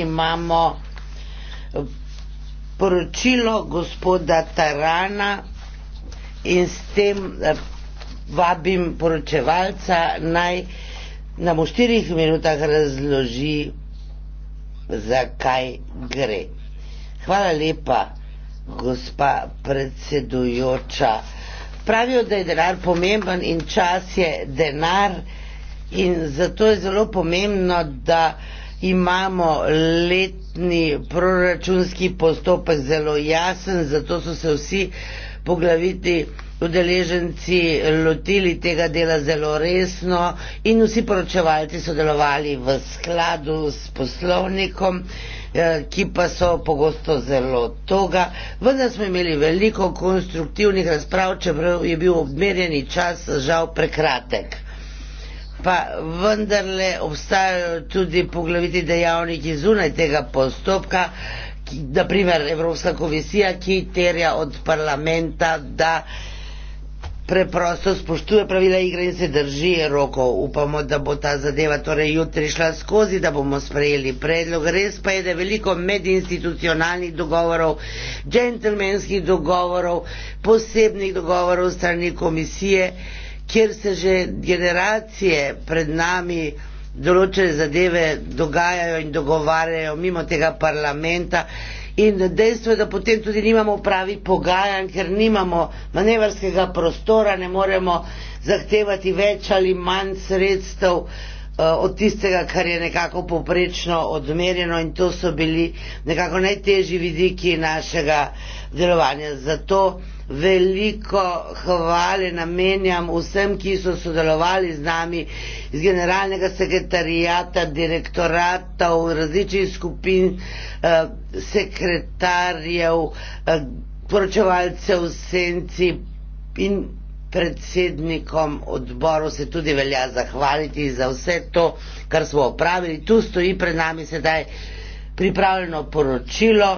imamo eh, poročilo gospoda Tarana in s tem eh, vabim poročevalca naj nam v štirih minutah razloži, zakaj gre. Hvala lepa, gospa predsedujoča. Pravijo, da je denar pomemben in čas je denar in zato je zelo pomembno, da imamo letni proračunski postopek zelo jasen, zato so se vsi poglaviti udeleženci lotili tega dela zelo resno in vsi poročevalci so delovali v skladu s poslovnikom, eh, ki pa so pogosto zelo toga. Vendar smo imeli veliko konstruktivnih razprav, čeprav je bil odmerjeni čas žal prekratek pa vendarle obstajajo tudi poglaviti dejavniki zunaj tega postopka, ki, naprimer Evropska komisija, ki terja od parlamenta, da preprosto spoštuje pravila igre in se drži roko. Upamo, da bo ta zadeva torej jutri šla skozi, da bomo sprejeli predlog. Res pa je, da je veliko medinstitucionalnih dogovorov, džentlmenskih dogovorov, posebnih dogovorov strani komisije kjer se že generacije pred nami določene zadeve dogajajo in dogovarjajo mimo tega parlamenta. In dejstvo je, da potem tudi nimamo pravi pogajanj, ker nimamo manevrskega prostora, ne moremo zahtevati več ali manj sredstev. Uh, Eh, od tistega, kar je nekako poprečno odmerjeno in to so bili nekako najtežji vidiki našega delovanja. Zato veliko hvale namenjam vsem, ki so sodelovali z nami iz generalnega sekretarijata, direktorata, v različnih skupin eh, sekretarjev, eh, poročevalcev v senci in predsednikom odboru se tudi velja zahvaliti za vse to, kar smo opravili. Tu stoji pred nami sedaj pripravljeno poročilo.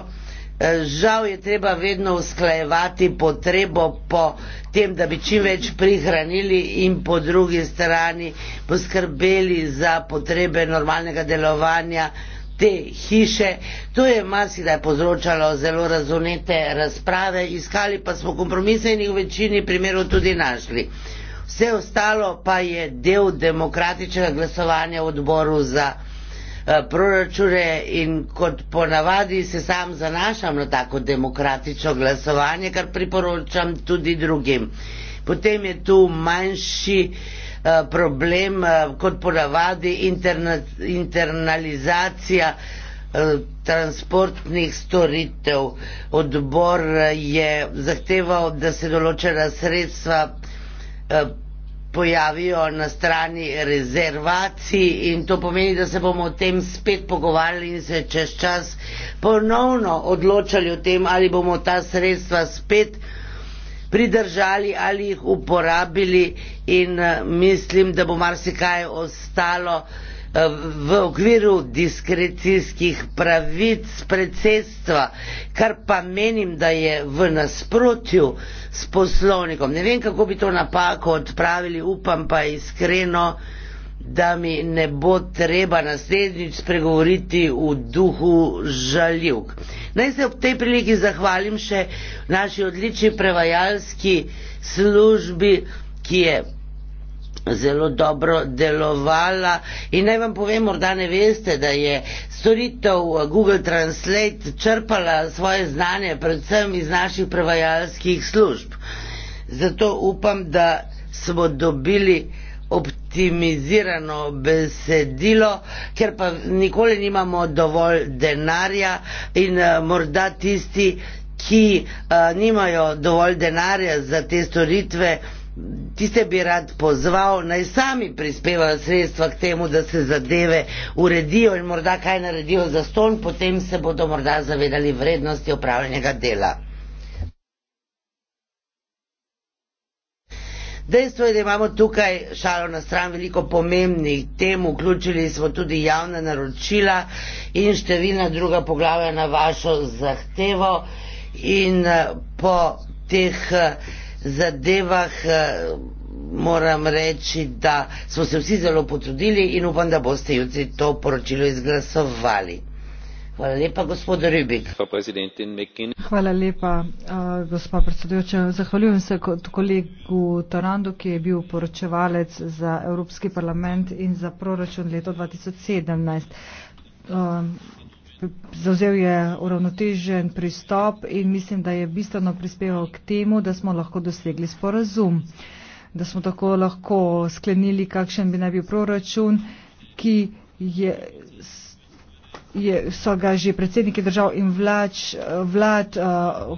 E, žal je treba vedno usklajevati potrebo po tem, da bi čim več prihranili in po drugi strani poskrbeli za potrebe normalnega delovanja te hiše. To je marsikdaj povzročalo zelo razumete razprave, iskali pa smo kompromise in jih v večini primerov tudi našli. Vse ostalo pa je del demokratičnega glasovanja v odboru za eh, proračune in kot ponavadi se sam zanašam na tako demokratično glasovanje, kar priporočam tudi drugim. Potem je tu manjši uh, Eh, problem eh, kot ponavadi interna, internalizacija eh, transportnih storitev. Odbor je zahteval, da se določena sredstva pojavijo na strani rezervacij in to pomeni, da se bomo o tem spet pogovarjali in se čez čas ponovno odločali o tem, ali bomo ta sredstva spet pridržali ali jih uporabili in eh, mislim, da bo marsikaj ostalo eh, v okviru diskrecijskih pravic predsedstva, kar pa menim, da je v nasprotju s poslovnikom. Ne vem, kako bi to napako odpravili, upam pa iskreno, da mi ne bo treba naslednjič spregovoriti v duhu žaljivk. Naj se ob tej priliki zahvalim še naši odlični prevajalski službi, ki je zelo dobro delovala in naj vam povem, morda ne veste, da je storitev eh, Google Translate črpala svoje znanje predvsem iz naših prevajalskih služb. Zato upam, da smo dobili optimizirano besedilo, ker pa nikoli nimamo dovolj denarja in eh, morda tisti, ki a, eh, nimajo dovolj denarja za te storitve, tiste bi rad pozval, naj sami prispevajo sredstva k temu, da se zadeve uredijo in morda kaj naredijo za ston, potem se bodo morda zavedali vrednosti opravljenega dela. Dejstvo je, da imamo tukaj šalo na stran veliko pomembnih tem, vključili smo tudi javna naročila in številna druga poglavja na vašo zahtevo in eh, po teh eh, zadevah eh, moram reči, da smo se vsi zelo potrudili in upam, da boste jutri to poročilo izglasovali. Hvala lepa, gospod Rubik. Hvala lepa, uh, gospod predsedujoča. Zahvaljujem se kolegu Tarandu, ki je bil poročevalec za Evropski parlament in za proračun leto 2017. Um, Zauzel je uravnotežen pristop in mislim, da je bistveno prispeval k temu, da smo lahko dosegli sporazum, da smo tako lahko sklenili, kakšen bi naj bil proračun, ki je je, so ga že predsedniki držav in vlač, vlad uh,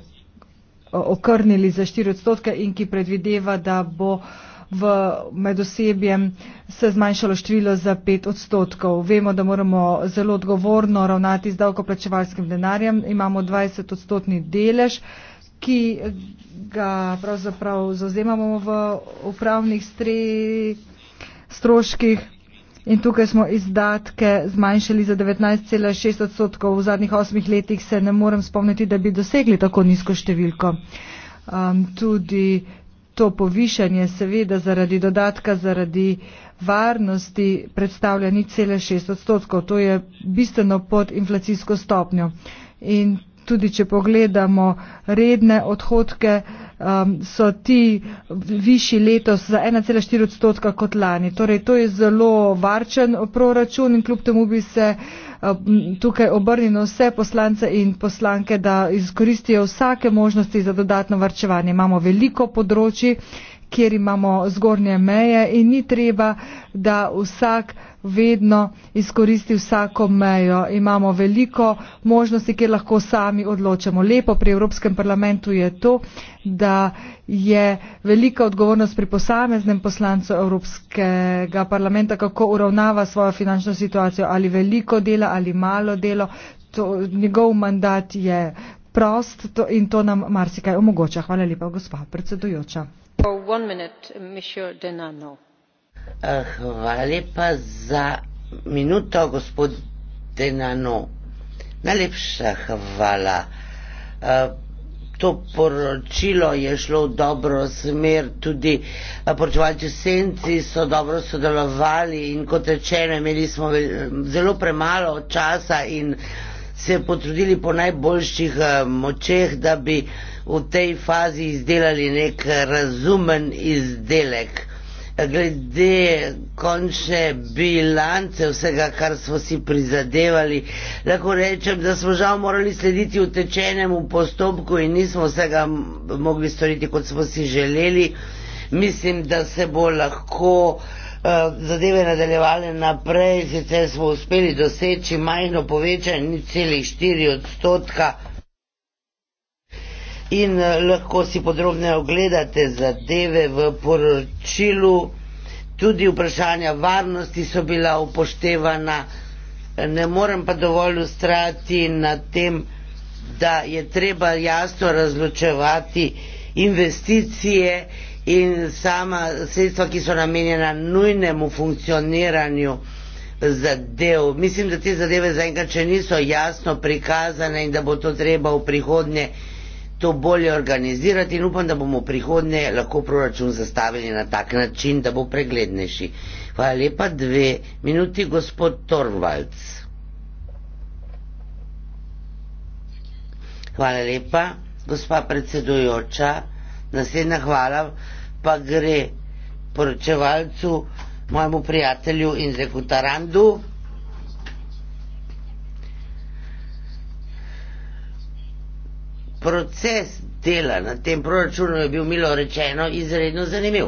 okrnili za 4 odstotke in ki predvideva, da bo v medosebjem se zmanjšalo število za 5 odstotkov. Vemo, da moramo zelo odgovorno ravnati z davkoplačevalskim denarjem. Imamo 20 odstotni delež, ki ga pravzaprav zauzemamo v upravnih stroških in tukaj smo izdatke zmanjšali za 19,6 odstotkov. V zadnjih osmih letih se ne morem spomniti, da bi dosegli tako nizko številko. Um, tudi to povišanje seveda zaradi dodatka, zaradi varnosti predstavlja ni cele 6 odstotkov. To je bistveno pod inflacijsko stopnjo. In tudi, če pogledamo redne odhodke, um, so ti višji letos za 1,4 odstotka kot lani. Torej, to je zelo varčen proračun in kljub temu bi se um, tukaj obrnil na vse poslance in poslanke, da izkoristijo vsake možnosti za dodatno varčevanje. Imamo veliko področji, kjer imamo zgornje meje in ni treba, da vsak vedno izkoristi vsako mejo. Imamo veliko možnosti, kjer lahko sami odločamo. Lepo pri Evropskem parlamentu je to, da je velika odgovornost pri posameznem poslancu Evropskega parlamenta, kako uravnava svojo finančno situacijo, ali veliko dela ali malo delo. To, njegov mandat je prost to, in to nam marsikaj omogoča. Hvala lepa, gospa predsedujoča. Eh, hvala lepa za minuto, gospod Denano. Najlepša hvala. Eh, to poročilo je šlo v dobro smer, tudi eh, poročevalci senci so dobro sodelovali in kot rečeno, imeli smo zelo premalo časa in se potrudili po najboljših močeh, da bi v tej fazi izdelali nek razumen izdelek. Glede končne bilance vsega, kar smo si prizadevali, lahko rečem, da smo žal morali slediti v tečenemu postopku in nismo vsega mogli storiti, kot smo si želeli. Mislim, da se bo lahko eh, zadeve nadaljevale naprej, sicer smo uspeli doseči majhno povečanje celih 4 odstotka in eh, lahko si podrobne ogledate zadeve v poročilu. Tudi vprašanja varnosti so bila upoštevana. Ne morem pa dovolj ustrati na tem, da je treba jasno razločevati investicije in sama sredstva, ki so namenjena nujnemu funkcioniranju zadev. Mislim, da te zadeve zaenkrat še niso jasno prikazane in da bo to treba v prihodnje to bolje organizirati in upam, da bomo prihodnje lahko proračun zastavili na tak način, da bo preglednejši. Hvala lepa, dve minuti, gospod Torvalc. Hvala lepa, gospa predsedujoča. Naslednja hvala pa gre poročevalcu, mojemu prijatelju in zekutarandu. proces dela na tem proračunu je bil, milo rečeno, izredno zanimiv.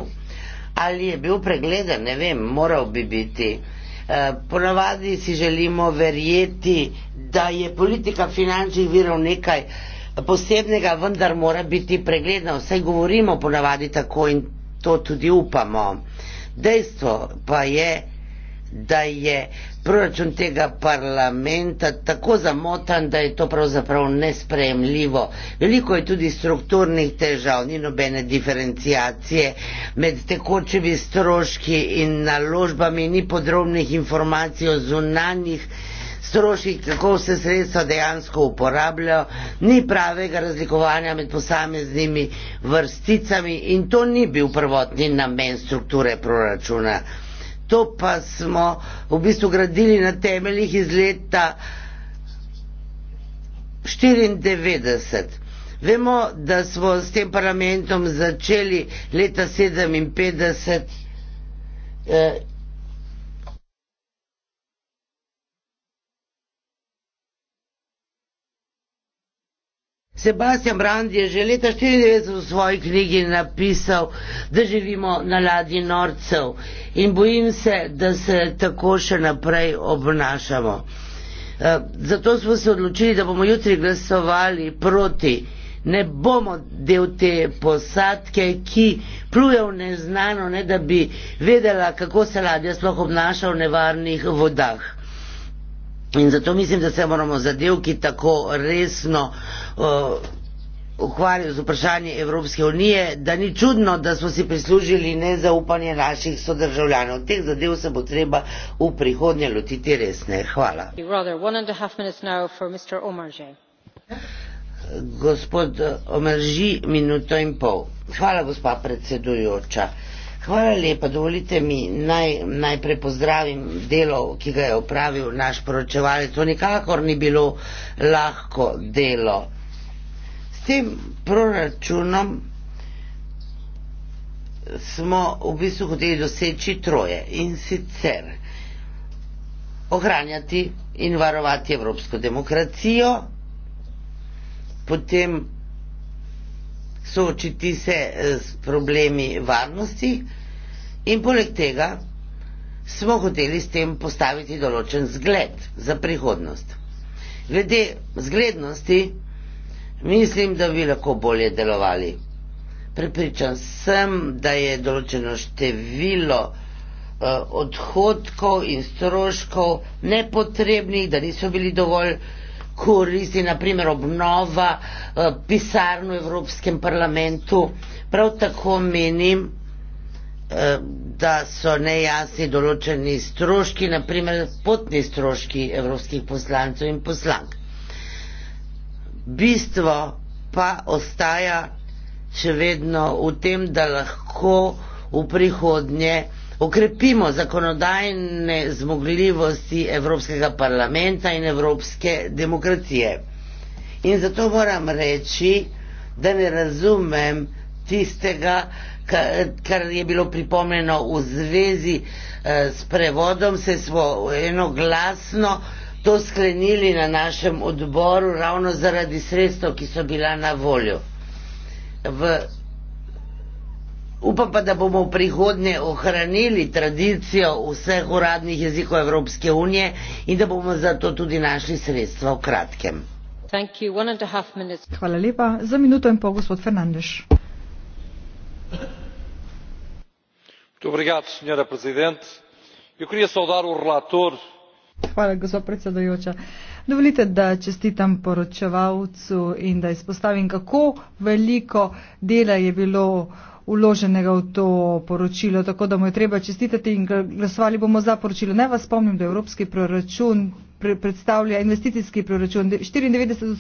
Ali je bil pregledan, ne vem, moral bi biti. Eh, ponavadi si želimo verjeti, da je politika finančnih virov nekaj posebnega, vendar mora biti pregledna. Vse govorimo ponavadi tako in to tudi upamo. Dejstvo pa je, da je proračun tega parlamenta tako zamotan, da je to pravzaprav nespremljivo. Veliko je tudi strukturnih težav, ni nobene diferencijacije med tekočimi stroški in naložbami, ni podrobnih informacij o zunanjih stroških, kako se sredstva dejansko uporabljajo, ni pravega razlikovanja med posameznimi vrsticami in to ni bil prvotni namen strukture proračuna to pa smo v bistvu gradili na temeljih iz leta 94. Vemo, da smo s tem parlamentom začeli leta 57. Eh, Sebastian Brand je že leta 1994 v svoji knjigi napisal, da živimo na ladji norcev in bojim se, da se tako še naprej obnašamo. Eh, zato smo se odločili, da bomo jutri glasovali proti. Ne bomo del te posadke, ki pluje v neznano, ne da bi vedela, kako se ladja sploh obnaša v nevarnih vodah. In zato mislim, da se moramo zadev, ki tako resno uh, ukvarjajo z vprašanjem Evropske unije, da ni čudno, da smo si prislužili nezaupanje naših sodržavljanov. Teh zadev se bo treba v prihodnje lotiti resne. Hvala. Gospod Omerži, minuto in pol. Hvala, gospa predsedujoča. Uh, Hvala lepa, dovolite mi naj, najprej pozdravim delo, ki ga je opravil naš poročevalec. To nikakor ni bilo lahko delo. S tem proračunom smo v bistvu hoteli doseči troje in sicer ohranjati in varovati evropsko demokracijo, potem soočiti se eh, s problemi varnosti in poleg tega smo hoteli s tem postaviti določen zgled za prihodnost. Glede zglednosti mislim, da bi lahko bolje delovali. Prepričan sem, da je določeno število eh, odhodkov in stroškov nepotrebnih, da niso bili dovolj uh, koristi, naprimer obnova eh, pisarno v Evropskem parlamentu. Prav tako menim, eh, da so nejasni določeni stroški, naprimer potni stroški evropskih poslancev in poslank. Bistvo pa ostaja še vedno v tem, da lahko v prihodnje okrepimo zakonodajne zmogljivosti Evropskega parlamenta in evropske demokracije. In zato moram reči, da ne razumem tistega, kar je bilo pripomljeno v zvezi eh, s prevodom, se smo enoglasno to sklenili na našem odboru ravno zaradi sredstev, ki so bila na voljo. V Upam pa, da bomo v prihodnje ohranili tradicijo vseh uradnih jezikov Evropske unije in da bomo za to tudi našli sredstva v kratkem. Hvala lepa. Za minuto in pol, gospod Fernandeš. Hvala, gospod predsedujoča. Dovolite, da čestitam poročevalcu in da izpostavim, kako veliko dela je bilo uloženega v to poročilo, tako da mu je treba čestitati in glasovali bomo za poročilo. Ne vas spomnim, da je evropski proračun predstavlja investicijski proračun 94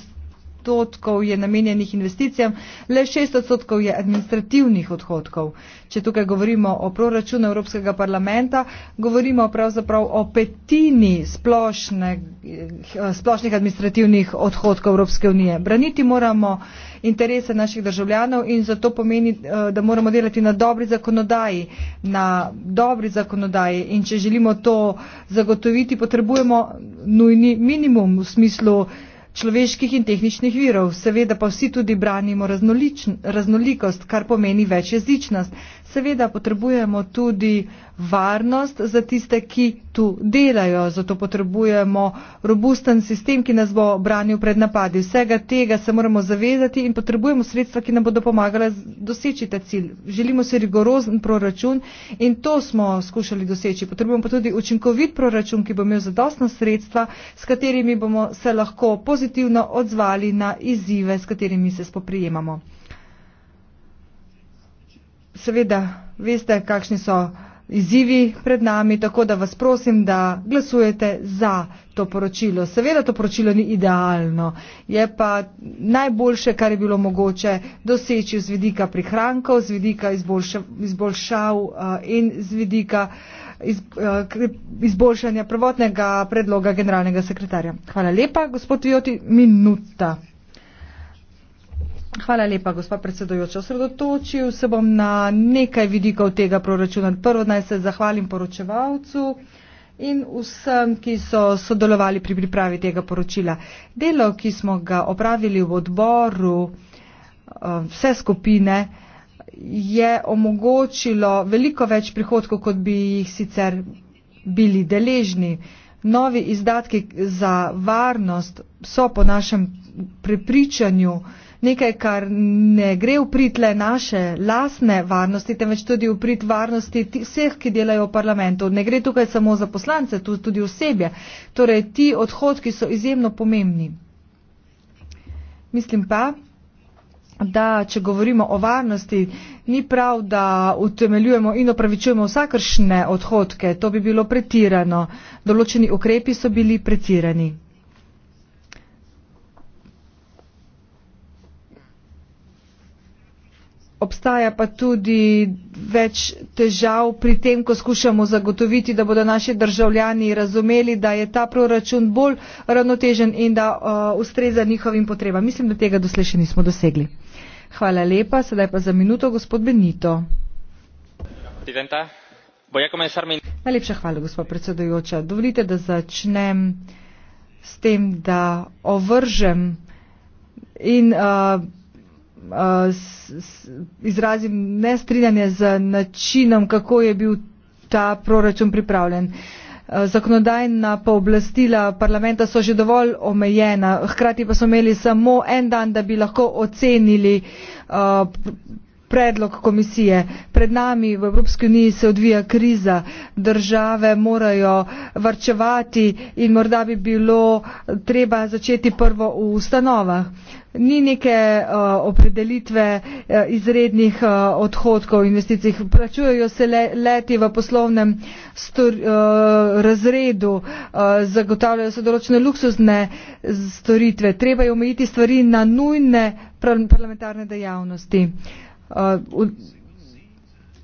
odhodkov je namenjenih investicijam, le 6 odstotkov je administrativnih odhodkov. Če tukaj govorimo o proračunu Evropskega parlamenta, govorimo pravzaprav o petini splošne, eh, splošnih administrativnih odhodkov Evropske unije. Braniti moramo interese naših državljanov in zato pomeni, eh, da moramo delati na dobri zakonodaji, na dobri zakonodaji in če želimo to zagotoviti, potrebujemo nujni minimum v smislu človeških in tehničnih virov, seveda pa vsi tudi branimo raznolikost, kar pomeni večjezičnost. Seveda potrebujemo tudi varnost za tiste, ki tu delajo, zato potrebujemo robusten sistem, ki nas bo branil pred napadi. Vsega tega se moramo zavezati in potrebujemo sredstva, ki nam bodo pomagala doseči ta cilj. Želimo si rigorozen proračun in to smo skušali doseči. Potrebujemo pa tudi učinkovit proračun, ki bo imel zadostna sredstva, s katerimi bomo se lahko pozitivno odzvali na izzive, s katerimi se spoprijemamo seveda veste, kakšni so izzivi pred nami, tako da vas prosim, da glasujete za to poročilo. Seveda to poročilo ni idealno, je pa najboljše, kar je bilo mogoče doseči z vidika prihrankov, z vidika izboljšav eh, in z vidika eh, izboljšanja prvotnega predloga generalnega sekretarja. Hvala lepa, gospod Vijoti, minuta. Hvala lepa, gospa predsedojoča. Osredotočil se bom na nekaj vidikov tega proračuna. Prvo naj se zahvalim poročevalcu in vsem, ki so sodelovali pri pripravi tega poročila. Delo, ki smo ga opravili v odboru, eh, vse skupine, je omogočilo veliko več prihodkov, kot bi jih sicer bili deležni. Novi izdatki za varnost so po našem prepričanju, nekaj, kar ne gre v prid le naše lasne varnosti, temveč tudi v prid varnosti vseh, ki delajo v parlamentu. Ne gre tukaj samo za poslance, tu tudi osebje. Torej, ti odhodki so izjemno pomembni. Mislim pa, da če govorimo o varnosti, ni prav, da utemeljujemo in opravičujemo vsakršne odhodke. To bi bilo pretirano. Določeni ukrepi so bili pretirani. Obstaja pa tudi več težav pri tem, ko skušamo zagotoviti, da bodo naši državljani razumeli, da je ta proračun bolj ravnotežen in da uh, ustreza njihovim potrebam. Mislim, da tega doslej še nismo dosegli. Hvala lepa. Sedaj pa za minuto gospod Benito. Najlepša hvala, gospod predsedujoča. Dovolite, da začnem s tem, da ovržem in. Uh, izrazim nestrinjanje z načinom, kako je bil ta proračun pripravljen. Zakonodajna pooblastila parlamenta so že dovolj omejena, hkrati pa smo imeli samo en dan, da bi lahko ocenili uh, predlog komisije. Pred nami v Evropski uniji se odvija kriza, države morajo varčevati in morda bi bilo treba začeti prvo v ustanovah. Ni neke uh, opredelitve uh, izrednih uh, odhodkov v investicijih. Plačujejo se le, leti v poslovnem stor, uh, razredu, uh, zagotavljajo se določene luksuzne storitve. Treba je omejiti stvari na nujne parlamentarne dejavnosti. Uh, Uh,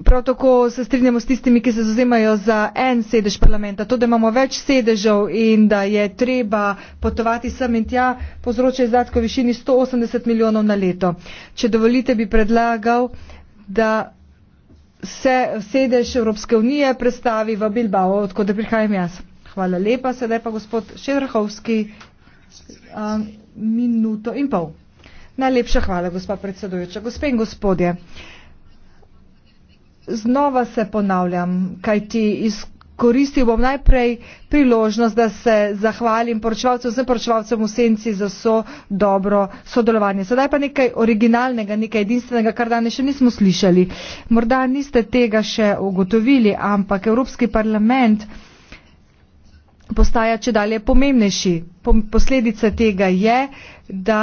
prav tako se strinjamo s tistimi, ki se zazemajo za en sedež parlamenta. To, da imamo več sedežev in da je treba potovati sem in tja, povzroča izdatko v višini 180 milijonov na leto. Če dovolite, bi predlagal, da se sedež Evropske unije predstavi v Bilbao, odkud prihajam jaz. Hvala lepa. Sedaj pa gospod Šedrahovski. Um, minuto in pol. Najlepša hvala, gospa predsedujoča. Gospe in gospodje, znova se ponavljam, kaj ti izkoristil bom najprej priložnost, da se zahvalim poročevalcem, vsem poročevalcem v senci za so dobro sodelovanje. Sedaj pa nekaj originalnega, nekaj edinstvenega, kar danes še nismo slišali. Morda niste tega še ugotovili, ampak Evropski parlament postaja če dalje pomembnejši. Posledica tega je, da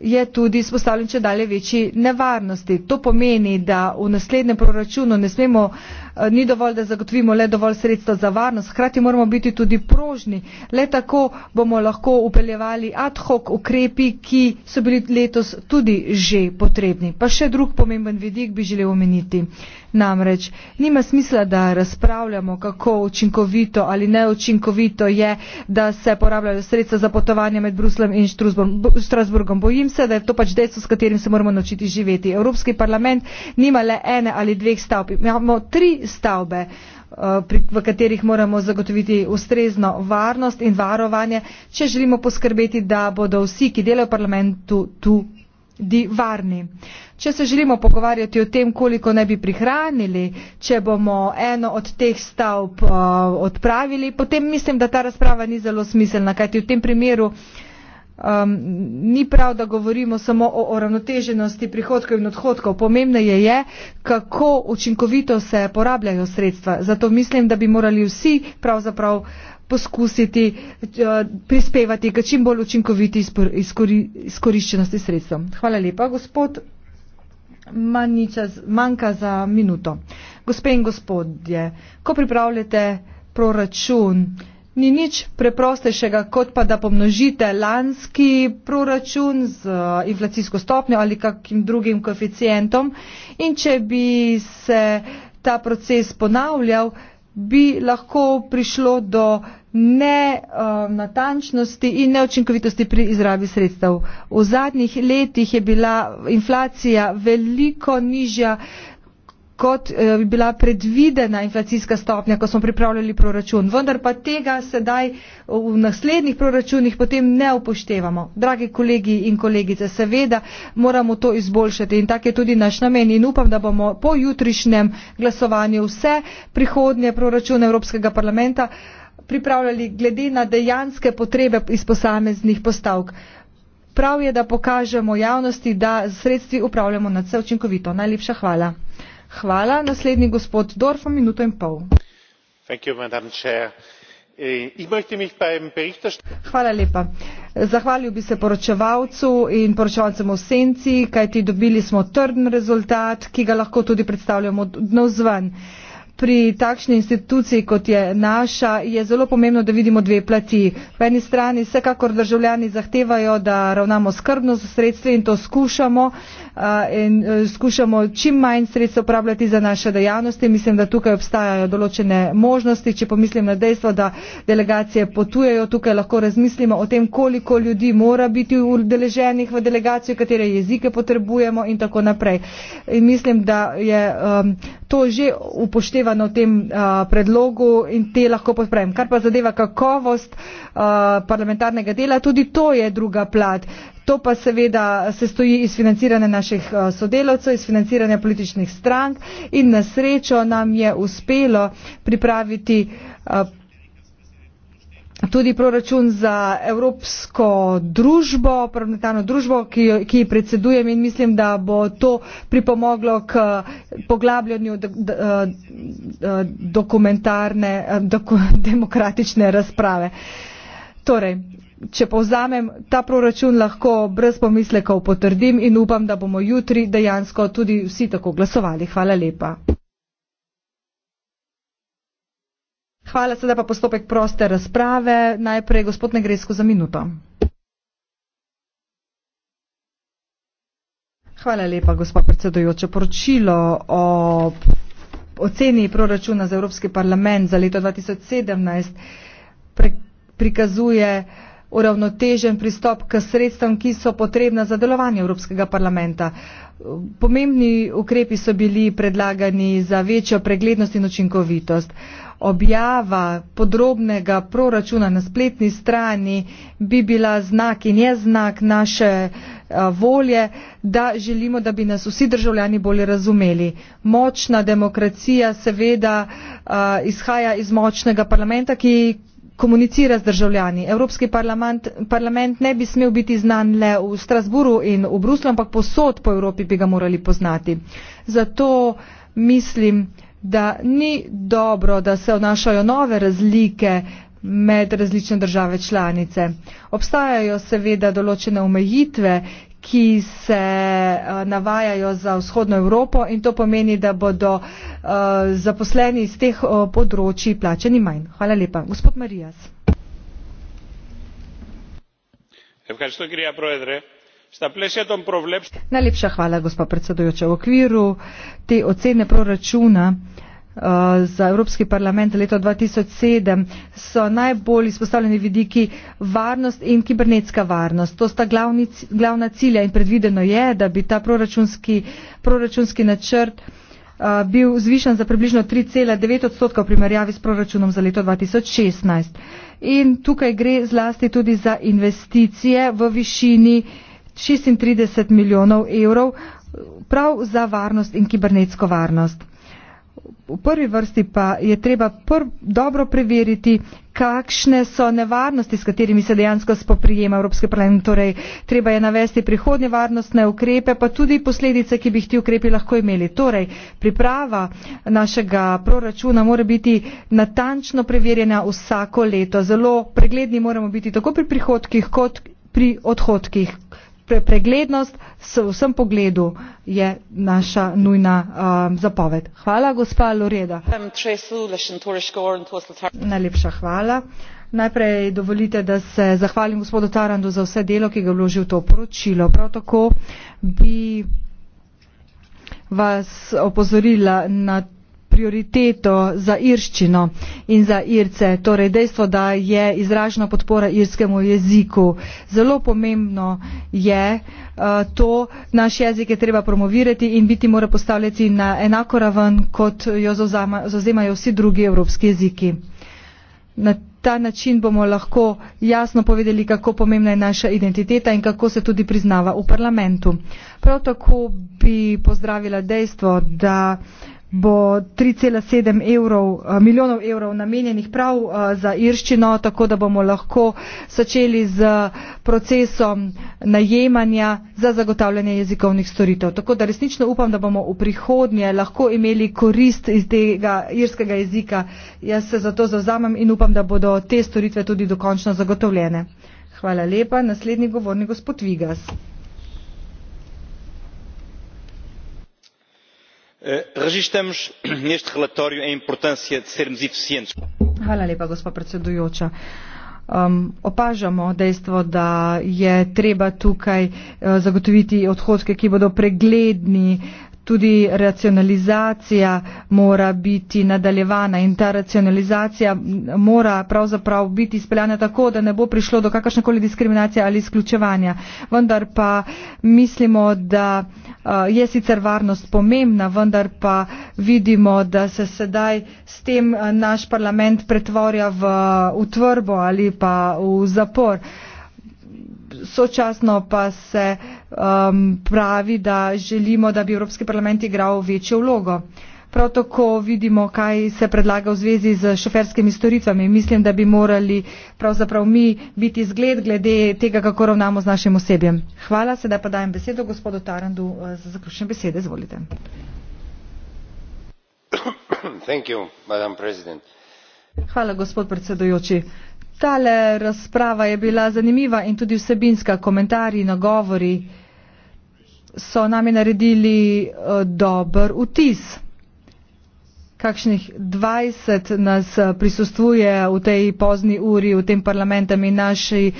je tudi izpostavljen če dalje večji nevarnosti. To pomeni, da v naslednjem proračunu ne smemo, eh, ni dovolj, da zagotovimo le dovolj sredstva za varnost, hkrati moramo biti tudi prožni. Le tako bomo lahko upeljevali ad hoc ukrepi, ki so bili letos tudi že potrebni. Pa še drug pomemben vidik bi želel omeniti. Namreč nima smisla, da razpravljamo, kako učinkovito ali neučinkovito je, da se porabljajo sredstva za potovanje med Bruslem in Strasburgom. Bojim bojim se, da je to pač dejstvo, s katerim se moramo naučiti živeti. Evropski parlament nima le ene ali dveh stavb, imamo tri stavbe, eh, v katerih moramo zagotoviti ustrezno varnost in varovanje, če želimo poskrbeti, da bodo vsi, ki delajo v parlamentu, tu di varni. Če se želimo pogovarjati o tem, koliko ne bi prihranili, če bomo eno od teh stavb uh, odpravili, potem mislim, da ta razprava ni zelo smiselna, kajti v tem primeru uh, Um, ni prav, da govorimo samo o uravnoteženosti prihodkov in odhodkov. Pomembneje je, kako učinkovito se porabljajo sredstva. Zato mislim, da bi morali vsi pravzaprav poskusiti uh, prispevati k čim bolj učinkoviti izkoriščenosti sredstvom. Hvala lepa. Gospod Maniča manjka za minuto. Gospe in gospodje, ko pripravljate proračun, uh, ni nič preprostejšega, kot pa da pomnožite lanski proračun z eh, inflacijsko stopnjo ali kakim drugim koeficientom in če bi se ta proces ponavljal, bi lahko prišlo do nenatančnosti eh, uh, in neočinkovitosti pri izrabi sredstev. V zadnjih letih je bila inflacija veliko nižja uh, kot eh, bi bila predvidena inflacijska stopnja, ko smo pripravljali proračun. Vendar pa tega sedaj v naslednjih proračunih potem ne upoštevamo. Dragi kolegi in kolegice, seveda moramo to izboljšati in tak je tudi naš namen in upam, da bomo po jutrišnjem glasovanju vse prihodnje proračune Evropskega parlamenta pripravljali glede na dejanske potrebe iz posameznih postavk. Prav je, da pokažemo javnosti, da sredstvi upravljamo na vse učinkovito. Najlepša hvala. Hvala. Naslednji gospod Dorfer, minuto in pol. Eh, Hvala lepa. Zahvalil bi se poročevalcu in poročevalcem v senci, kajti dobili smo trden rezultat, ki ga lahko tudi predstavljamo od navzven pri takšni instituciji, kot je naša, je zelo pomembno, da vidimo dve plati. Po eni strani vsekakor državljani zahtevajo, da ravnamo skrbno s sredstvi in to skušamo eh, in eh, skušamo čim manj sredstev uporabljati za naše dejavnosti. Mislim, da tukaj obstajajo določene možnosti. Če pomislim na dejstvo, da delegacije potujejo, tukaj lahko razmislimo o tem, koliko ljudi mora biti udeleženih v delegacijo, katere jezike potrebujemo in tako naprej. In mislim, da je um, to že upoštevano upoštevano v tem uh, predlogu in te lahko podprem. Kar pa zadeva kakovost uh, parlamentarnega dela, tudi to je druga plat. To pa seveda se stoji iz financiranja naših uh, eh, sodelovcev, iz financiranja političnih strank in na srečo nam je uspelo pripraviti. Uh, tudi proračun za evropsko družbo, parlamentarno družbo, ki ji predsedujem in mislim, da bo to pripomoglo k poglabljanju dokumentarne, demokratične razprave. Torej, če povzamem, ta proračun lahko brez pomislekov potrdim in upam, da bomo jutri dejansko tudi vsi tako glasovali. Hvala lepa. Hvala, sedaj pa postopek proste razprave. Najprej gospod Negresko za minuto. Hvala lepa, gospod predsedujoče. Poročilo o oceni proračuna za Evropski parlament za leto 2017 pre, prikazuje uravnotežen pristop k sredstvom, ki so potrebna za delovanje Evropskega parlamenta. Pomembni ukrepi so bili predlagani za večjo preglednost in učinkovitost. Uh, objava podrobnega proračuna na spletni strani bi bila znak in je znak naše eh, volje, da želimo, da bi nas vsi državljani bolje razumeli. Močna demokracija seveda eh, izhaja iz močnega parlamenta, ki komunicira z državljani. Evropski parlament, parlament ne bi smel biti znan le v Strasburu in v Bruslu, ampak posod po Evropi bi ga morali poznati. Zato mislim, da ni dobro, da se odnašajo nove razlike med različne države članice. Obstajajo seveda določene omejitve, ki se eh, navajajo za vzhodno Evropo in to pomeni, da bodo eh, zaposleni iz teh eh, področji plačeni manj. Hvala lepa. Gospod Marijas. Najlepša hvala, gospod predsedujoča. V okviru te ocene proračuna Eh, za Evropski parlament leta 2007 so najbolj izpostavljeni vidiki varnost in kibernetska varnost. To sta glavni, glavna cilja in predvideno je, da bi ta proračunski, proračunski načrt eh, bil zvišan za približno 3,9 odstotka v primerjavi s proračunom za leto 2016. In tukaj gre zlasti tudi za investicije v višini 36 milijonov evrov prav za varnost in kibernetsko varnost v prvi vrsti pa je treba pr dobro preveriti, kakšne so nevarnosti, s katerimi se dejansko spoprijema Evropski parlament. Torej, treba je navesti prihodnje varnostne ukrepe, pa tudi posledice, ki bi jih ti ukrepi lahko imeli. Torej, priprava našega proračuna mora biti natančno preverjena vsako leto. Zelo pregledni moramo biti tako pri prihodkih, kot pri odhodkih pre, preglednost v vsem pogledu je naša nujna um, zapoved. Hvala, gospa Loreda. Najlepša hvala. Najprej dovolite, da se zahvalim gospodu Tarandu za vse delo, ki ga vložil v to poročilo. Prav tako bi vas opozorila na to, prioriteto za irščino in za irce torej dejstvo da je izražena podpora irskemu jeziku zelo pomembno je eh, to naš jezik je treba promovirati in biti mora postavljati na enako raven kot jo zauzemajo vsi drugi evropski jeziki na ta način bomo lahko jasno povedali kako pomembna je naša identiteta in kako se tudi priznava v parlamentu prav tako bi pozdravila dejstvo da bo 3,7 evrov, eh, milijonov evrov namenjenih prav eh, za irščino, tako da bomo lahko začeli z procesom najemanja za zagotavljanje jezikovnih storitev. Tako da resnično upam, da bomo v prihodnje lahko imeli korist iz tega irskega jezika. Jaz se za to zavzamem in upam, da bodo te storitve tudi dokončno zagotovljene. Hvala lepa. Naslednji govornik, gospod Vigas. Eh, registramos neste relatório a importância de sermos eficientes. Hvala lepa, gospod predsedujoča. Um, opažamo dejstvo, da je treba tukaj uh, zagotoviti odhodke, ki bodo pregledni, uh, tudi racionalizacija mora biti nadaljevana in ta racionalizacija mora pravzaprav biti izpeljana tako, da ne bo prišlo do kakršnekoli diskriminacije ali izključevanja. Vendar pa mislimo, da je sicer varnost pomembna, vendar pa vidimo, da se sedaj s tem naš parlament pretvorja v utvrbo ali pa v zapor. Sočasno pa se uh, um, pravi, da želimo, da bi Evropski parlament igral večjo vlogo. Prav tako vidimo, kaj se predlaga v zvezi z šoferskimi storitvami. Mislim, da bi morali pravzaprav mi biti zgled glede tega, kako ravnamo z našim osebjem. Hvala, sedaj pa dajem besedo gospodu Tarandu uh, za zaključne besede. Zvolite. You, Hvala, gospod predsedujoči. Tale razprava je bila zanimiva in tudi vsebinska komentarji, nagovori so nami naredili eh, dober vtis. Kakšnih 20 nas eh, prisustuje v tej pozni uri, v tem parlamentem in naši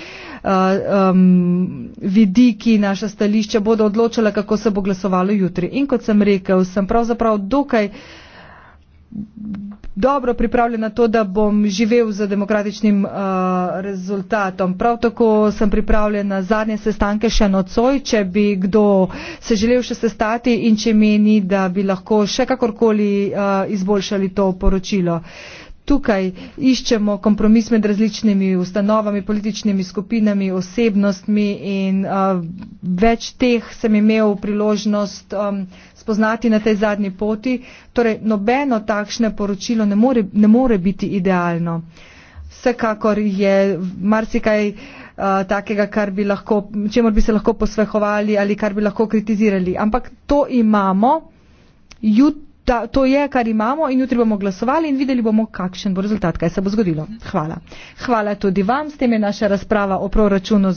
um, vidiki, naša stališča bodo odločala, kako se bo glasovalo jutri. In kot sem rekel, sem pravzaprav dokaj dobro pripravljen na to, da bom živel za demokratičnim uh, rezultatom. Prav tako sem pripravljen na zadnje sestanke še nocoj, če bi kdo se želel še sestati in če meni, da bi lahko še kakorkoli uh, izboljšali to poročilo. Tukaj iščemo kompromis med različnimi ustanovami, političnimi skupinami, osebnostmi in uh, več teh sem imel priložnost um, spoznati na tej zadnji poti. Torej, nobeno takšne poročilo ne more, ne more biti idealno. Vsekakor je marsikaj uh, takega, kar bi lahko, čemor bi se lahko posvehovali ali kar bi lahko kritizirali. Ampak to imamo, juta, to je, kar imamo in jutri bomo glasovali in videli bomo, kakšen bo rezultat, kaj se bo zgodilo. Hvala. Hvala tudi vam. S tem je naša razprava o proračunu.